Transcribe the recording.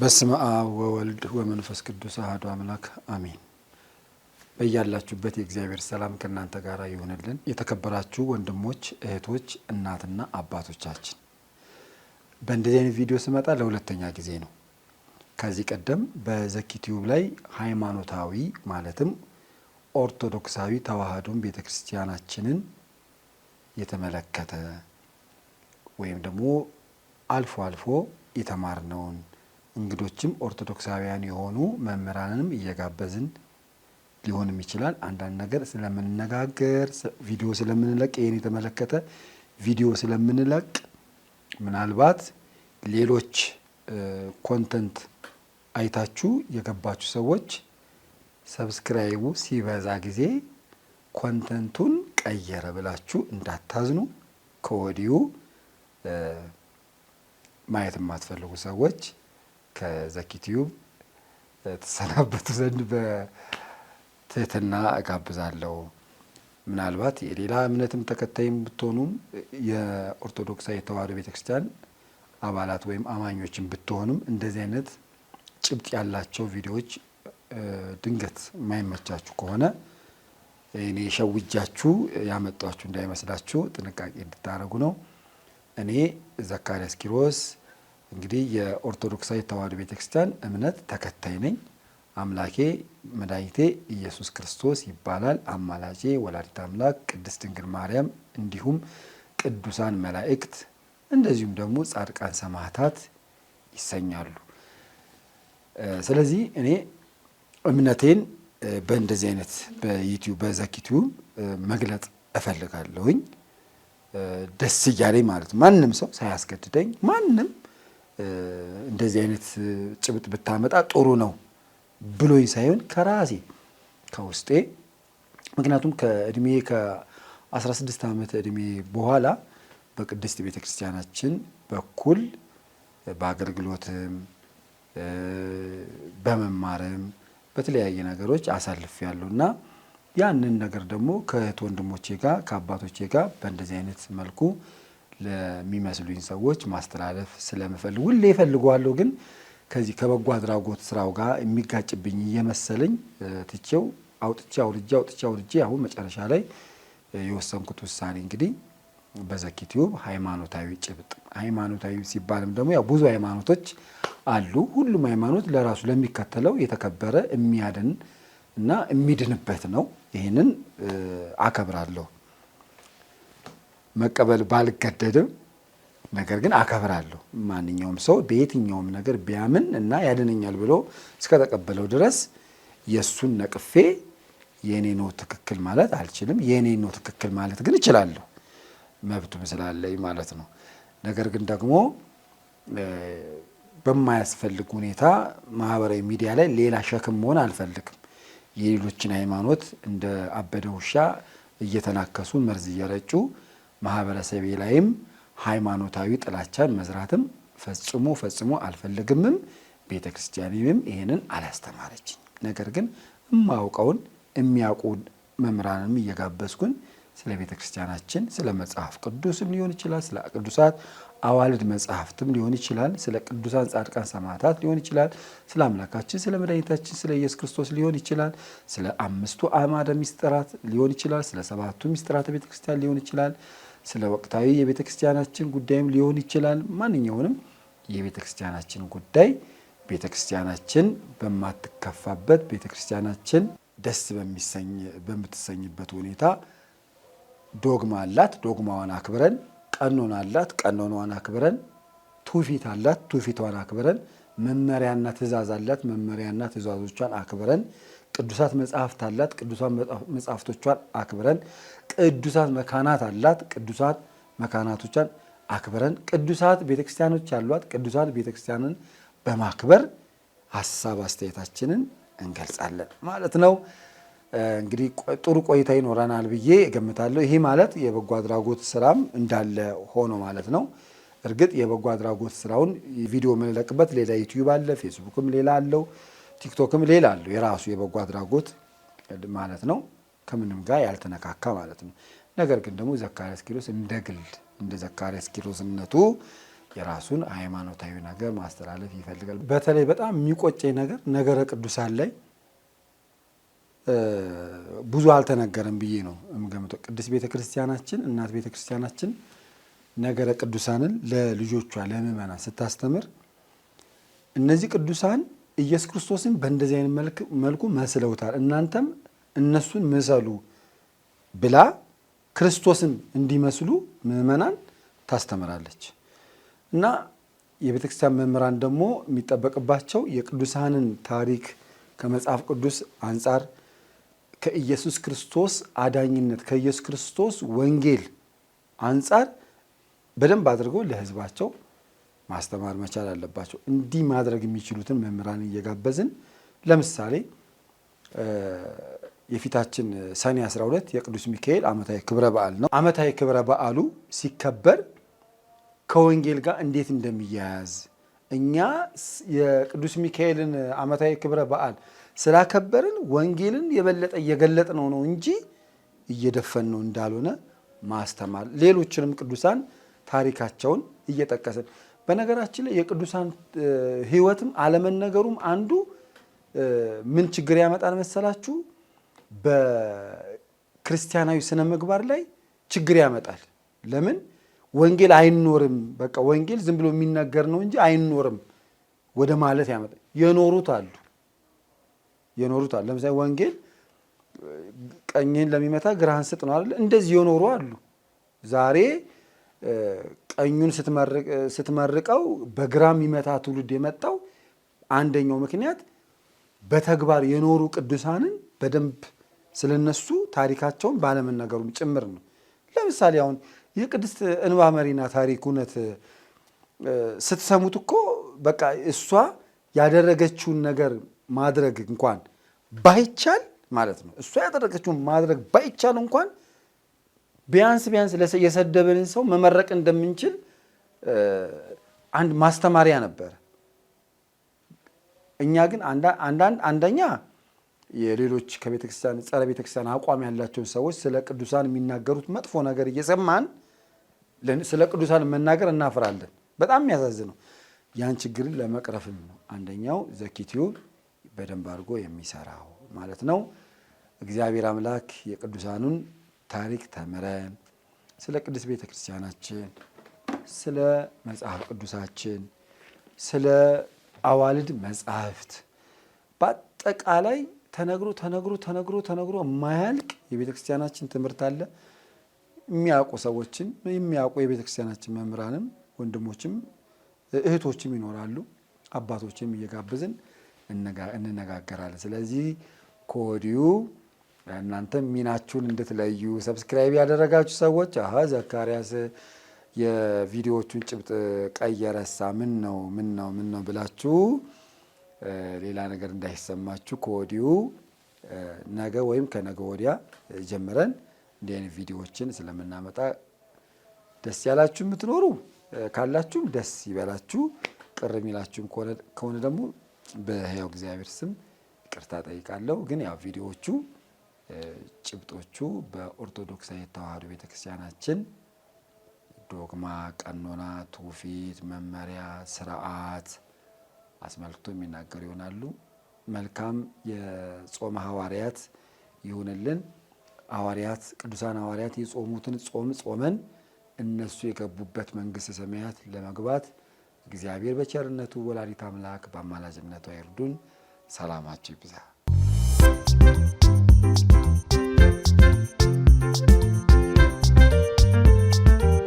በስመ አብ ወወልድ ወመንፈስ ቅዱስ አህዶ አምላክ አሜን። በያላችሁበት የእግዚአብሔር ሰላም ከእናንተ ጋር ይሆንልን። የተከበራችሁ ወንድሞች፣ እህቶች፣ እናትና አባቶቻችን በእንደዚህ አይነት ቪዲዮ ስመጣ ለሁለተኛ ጊዜ ነው። ከዚህ ቀደም በዘኪቲዩብ ላይ ሃይማኖታዊ ማለትም ኦርቶዶክሳዊ ተዋህዶን ቤተ ክርስቲያናችንን የተመለከተ ወይም ደግሞ አልፎ አልፎ የተማርነውን እንግዶችም ኦርቶዶክሳውያን የሆኑ መምህራንንም እየጋበዝን ሊሆንም ይችላል። አንዳንድ ነገር ስለምንነጋገር ቪዲዮ ስለምንለቅ ይህን የተመለከተ ቪዲዮ ስለምንለቅ ምናልባት ሌሎች ኮንተንት አይታችሁ የገባችሁ ሰዎች ሰብስክራይቡ ሲበዛ ጊዜ ኮንተንቱን ቀየረ ብላችሁ እንዳታዝኑ ከወዲሁ ማየት የማትፈልጉ ሰዎች ከዘኪትዩብ ተሰናበቱ ዘንድ በትህትና እጋብዛለሁ። ምናልባት የሌላ እምነትም ተከታይም ብትሆኑም የኦርቶዶክሳዊ ተዋህዶ ቤተክርስቲያን አባላት ወይም አማኞችን ብትሆንም እንደዚህ አይነት ጭብጥ ያላቸው ቪዲዮዎች ድንገት የማይመቻችሁ ከሆነ እኔ ሸውጃችሁ ያመጧችሁ እንዳይመስላችሁ ጥንቃቄ እንድታደረጉ ነው። እኔ ዘካርያስ ኪሮስ እንግዲህ የኦርቶዶክሳዊ ተዋህዶ ቤተክርስቲያን እምነት ተከታይ ነኝ። አምላኬ መድኃኒቴ ኢየሱስ ክርስቶስ ይባላል። አማላጬ ወላዲት አምላክ ቅድስት ድንግል ማርያም እንዲሁም ቅዱሳን መላእክት እንደዚሁም ደግሞ ጻድቃን ሰማዕታት ይሰኛሉ። ስለዚህ እኔ እምነቴን በእንደዚህ አይነት በዩቲዩብ በዘኪቲዩም መግለጥ እፈልጋለሁኝ ደስ እያለኝ ማለት ማንም ሰው ሳያስገድደኝ ማንም እንደዚህ አይነት ጭብጥ ብታመጣ ጥሩ ነው ብሎኝ ሳይሆን ከራሴ ከውስጤ ምክንያቱም ከእድሜ ከ16 ዓመት እድሜ በኋላ በቅድስት ቤተ ክርስቲያናችን በኩል በአገልግሎትም በመማርም በተለያየ ነገሮች አሳልፍ ያለሁ እና ያንን ነገር ደግሞ ከእህት ወንድሞቼ ጋር ከአባቶቼ ጋር በእንደዚህ አይነት መልኩ ለሚመስሉኝ ሰዎች ማስተላለፍ ስለምፈልግ ሁሌ እፈልገዋለሁ፣ ግን ከዚህ ከበጎ አድራጎት ስራው ጋር የሚጋጭብኝ እየመሰለኝ ትቼው አውጥቼ አውርጄ አውጥቼ አውርጄ አሁን መጨረሻ ላይ የወሰንኩት ውሳኔ እንግዲህ በዘኪቲዩብ ሃይማኖታዊ ጭብጥ ሃይማኖታዊ ሲባልም ደግሞ ያው ብዙ ሃይማኖቶች አሉ። ሁሉም ሃይማኖት ለራሱ ለሚከተለው የተከበረ የሚያድን እና የሚድንበት ነው። ይህንን አከብራለሁ። መቀበል ባልገደድም ነገር ግን አከብራለሁ። ማንኛውም ሰው በየትኛውም ነገር ቢያምን እና ያድነኛል ብሎ እስከተቀበለው ድረስ የእሱን ነቅፌ የእኔ ነው ትክክል ማለት አልችልም። የእኔ ነው ትክክል ማለት ግን እችላለሁ፣ መብቱም ስላለኝ ማለት ነው። ነገር ግን ደግሞ በማያስፈልግ ሁኔታ ማህበራዊ ሚዲያ ላይ ሌላ ሸክም መሆን አልፈልግም። የሌሎችን ሃይማኖት እንደ አበደ ውሻ እየተናከሱ መርዝ እየረጩ ማህበረሰቤ ላይም ሃይማኖታዊ ጥላቻን መዝራትም ፈጽሞ ፈጽሞ አልፈልግምም። ቤተ ክርስቲያንም ይህንን አላስተማረችኝ። ነገር ግን እማውቀውን የሚያውቁ መምህራንም እየጋበዝኩን ስለ ቤተ ክርስቲያናችን ስለ መጽሐፍ ቅዱስም ሊሆን ይችላል፣ ስለ ቅዱሳት አዋልድ መጽሐፍትም ሊሆን ይችላል፣ ስለ ቅዱሳን ጻድቃን ሰማዕታት ሊሆን ይችላል፣ ስለ አምላካችን ስለ መድኃኒታችን ስለ ኢየሱስ ክርስቶስ ሊሆን ይችላል፣ ስለ አምስቱ አእማደ ምስጢራት ሊሆን ይችላል፣ ስለ ሰባቱ ምስጢራተ ቤተ ክርስቲያን ሊሆን ይችላል ስለ ወቅታዊ የቤተ ክርስቲያናችን ጉዳይም ሊሆን ይችላል። ማንኛውንም የቤተ ክርስቲያናችን ጉዳይ ቤተ ክርስቲያናችን በማትከፋበት ቤተ ክርስቲያናችን ደስ በምትሰኝበት ሁኔታ ዶግማ አላት፣ ዶግማዋን አክብረን ቀኖና አላት፣ ቀኖናዋን አክብረን ትውፊት አላት። ትውፊቷን አክብረን መመሪያና ትእዛዝ አላት። መመሪያና ትእዛዞቿን አክብረን ቅዱሳት መጽሐፍት አላት። ቅዱሳት መጽሐፍቶቿን አክብረን ቅዱሳት መካናት አላት። ቅዱሳት መካናቶቿን አክብረን ቅዱሳት ቤተክርስቲያኖች ያሏት ቅዱሳት ቤተክርስቲያንን በማክበር ሀሳብ አስተያየታችንን እንገልጻለን ማለት ነው። እንግዲህ ጥሩ ቆይታ ይኖረናል ብዬ እገምታለሁ። ይሄ ማለት የበጎ አድራጎት ስራም እንዳለ ሆኖ ማለት ነው። እርግጥ የበጎ አድራጎት ስራውን ቪዲዮ የምንለቅበት ሌላ ዩቲዩብ አለ፣ ፌስቡክም ሌላ አለው፣ ቲክቶክም ሌላ አለው። የራሱ የበጎ አድራጎት ማለት ነው፣ ከምንም ጋር ያልተነካካ ማለት ነው። ነገር ግን ደግሞ ዘካርያስ ኪሮስ እንደ ግል እንደ ዘካርያስ ኪሮስነቱ የራሱን ሃይማኖታዊ ነገር ማስተላለፍ ይፈልጋል። በተለይ በጣም የሚቆጨኝ ነገር ነገረ ቅዱሳን ላይ ብዙ አልተነገረም ብዬ ነው የምገምተው። ቅድስት ቤተክርስቲያናችን እናት ቤተክርስቲያናችን ነገረ ቅዱሳንን ለልጆቿ ለምእመናን ስታስተምር እነዚህ ቅዱሳን ኢየሱስ ክርስቶስን በእንደዚህ አይነት መልኩ መስለውታል፣ እናንተም እነሱን ምሰሉ ብላ ክርስቶስን እንዲመስሉ ምእመናን ታስተምራለች እና የቤተ ክርስቲያን መምህራን ደግሞ የሚጠበቅባቸው የቅዱሳንን ታሪክ ከመጽሐፍ ቅዱስ አንጻር ከኢየሱስ ክርስቶስ አዳኝነት ከኢየሱስ ክርስቶስ ወንጌል አንጻር በደንብ አድርገው ለህዝባቸው ማስተማር መቻል አለባቸው። እንዲህ ማድረግ የሚችሉትን መምህራን እየጋበዝን ለምሳሌ የፊታችን ሰኔ 12 የቅዱስ ሚካኤል ዓመታዊ ክብረ በዓል ነው። ዓመታዊ ክብረ በዓሉ ሲከበር ከወንጌል ጋር እንዴት እንደሚያያዝ እኛ የቅዱስ ሚካኤልን ዓመታዊ ክብረ በዓል ስላከበርን ወንጌልን የበለጠ እየገለጥ ነው ነው እንጂ እየደፈን ነው እንዳልሆነ ማስተማር ሌሎችንም ቅዱሳን ታሪካቸውን እየጠቀስን በነገራችን ላይ የቅዱሳን ህይወትም አለመነገሩም አንዱ ምን ችግር ያመጣል መሰላችሁ? በክርስቲያናዊ ስነ ምግባር ላይ ችግር ያመጣል። ለምን ወንጌል አይኖርም? በቃ ወንጌል ዝም ብሎ የሚነገር ነው እንጂ አይኖርም ወደ ማለት ያመጣል። የኖሩት አሉ የኖሩት አሉ። ለምሳሌ ወንጌል ቀኝህን ለሚመታ ግራህን ስጥ ነው አለ። እንደዚህ የኖሩ አሉ ዛሬ ቀኙን ስትመርቀው በግራ የሚመታ ትውልድ የመጣው አንደኛው ምክንያት በተግባር የኖሩ ቅዱሳንን በደንብ ስለነሱ ታሪካቸውን ባለመናገሩም ጭምር ነው። ለምሳሌ አሁን የቅድስት እንባ መሪና ታሪክ እውነት ስትሰሙት እኮ በቃ እሷ ያደረገችውን ነገር ማድረግ እንኳን ባይቻል ማለት ነው እሷ ያደረገችውን ማድረግ ባይቻል እንኳን ቢያንስ ቢያንስ የሰደበንን ሰው መመረቅ እንደምንችል አንድ ማስተማሪያ ነበር። እኛ ግን አንደኛ የሌሎች ከቤተክርስቲያን ጸረ ቤተክርስቲያን አቋም ያላቸውን ሰዎች ስለ ቅዱሳን የሚናገሩት መጥፎ ነገር እየሰማን ስለ ቅዱሳን መናገር እናፍራለን። በጣም የሚያሳዝነው ያን ችግርን ለመቅረፍም ነው አንደኛው ዘኪቲዩ በደንብ አድርጎ የሚሰራው ማለት ነው። እግዚአብሔር አምላክ የቅዱሳኑን ታሪክ ተምረን ስለ ቅዱስ ቤተ ክርስቲያናችን፣ ስለ መጽሐፍ ቅዱሳችን፣ ስለ አዋልድ መጽሐፍት በአጠቃላይ ተነግሮ ተነግሮ ተነግሮ ተነግሮ የማያልቅ የቤተ ክርስቲያናችን ትምህርት አለ። የሚያውቁ ሰዎችን የሚያውቁ የቤተ ክርስቲያናችን መምህራንም ወንድሞችም እህቶችም ይኖራሉ። አባቶችም እየጋብዝን እንነጋገራለን። ስለዚህ ከወዲሁ እናንተም ሚናችሁን እንድትለዩ ሰብስክራይብ ያደረጋችሁ ሰዎች አ ዘካሪያስ የቪዲዮዎቹን ጭብጥ ቀየረሳ ምን ነው ምን ነው ምን ነው ብላችሁ ሌላ ነገር እንዳይሰማችሁ ከወዲሁ ነገ ወይም ከነገ ወዲያ ጀምረን እንዲህ አይነት ቪዲዮዎችን ስለምናመጣ ደስ ያላችሁ የምትኖሩ ካላችሁም ደስ ይበላችሁ፣ ቅር የሚላችሁም ከሆነ ደግሞ በሕያው እግዚአብሔር ስም ቅርታ ጠይቃለሁ። ግን ያው ቪዲዮዎቹ ጭብጦቹ በኦርቶዶክሳዊ ተዋህዶ ቤተክርስቲያናችን ዶግማ፣ ቀኖና፣ ትውፊት፣ መመሪያ፣ ስርዓት አስመልክቶ የሚናገሩ ይሆናሉ። መልካም የጾመ ሐዋርያት ይሁንልን። ሐዋርያት ቅዱሳን ሐዋርያት የጾሙትን ጾም ጾመን እነሱ የገቡበት መንግስት ሰማያት ለመግባት እግዚአብሔር በቸርነቱ ወላዲት አምላክ በአማላጅነቱ አይርዱን ሰላማቸው ይብዛ። Thank you.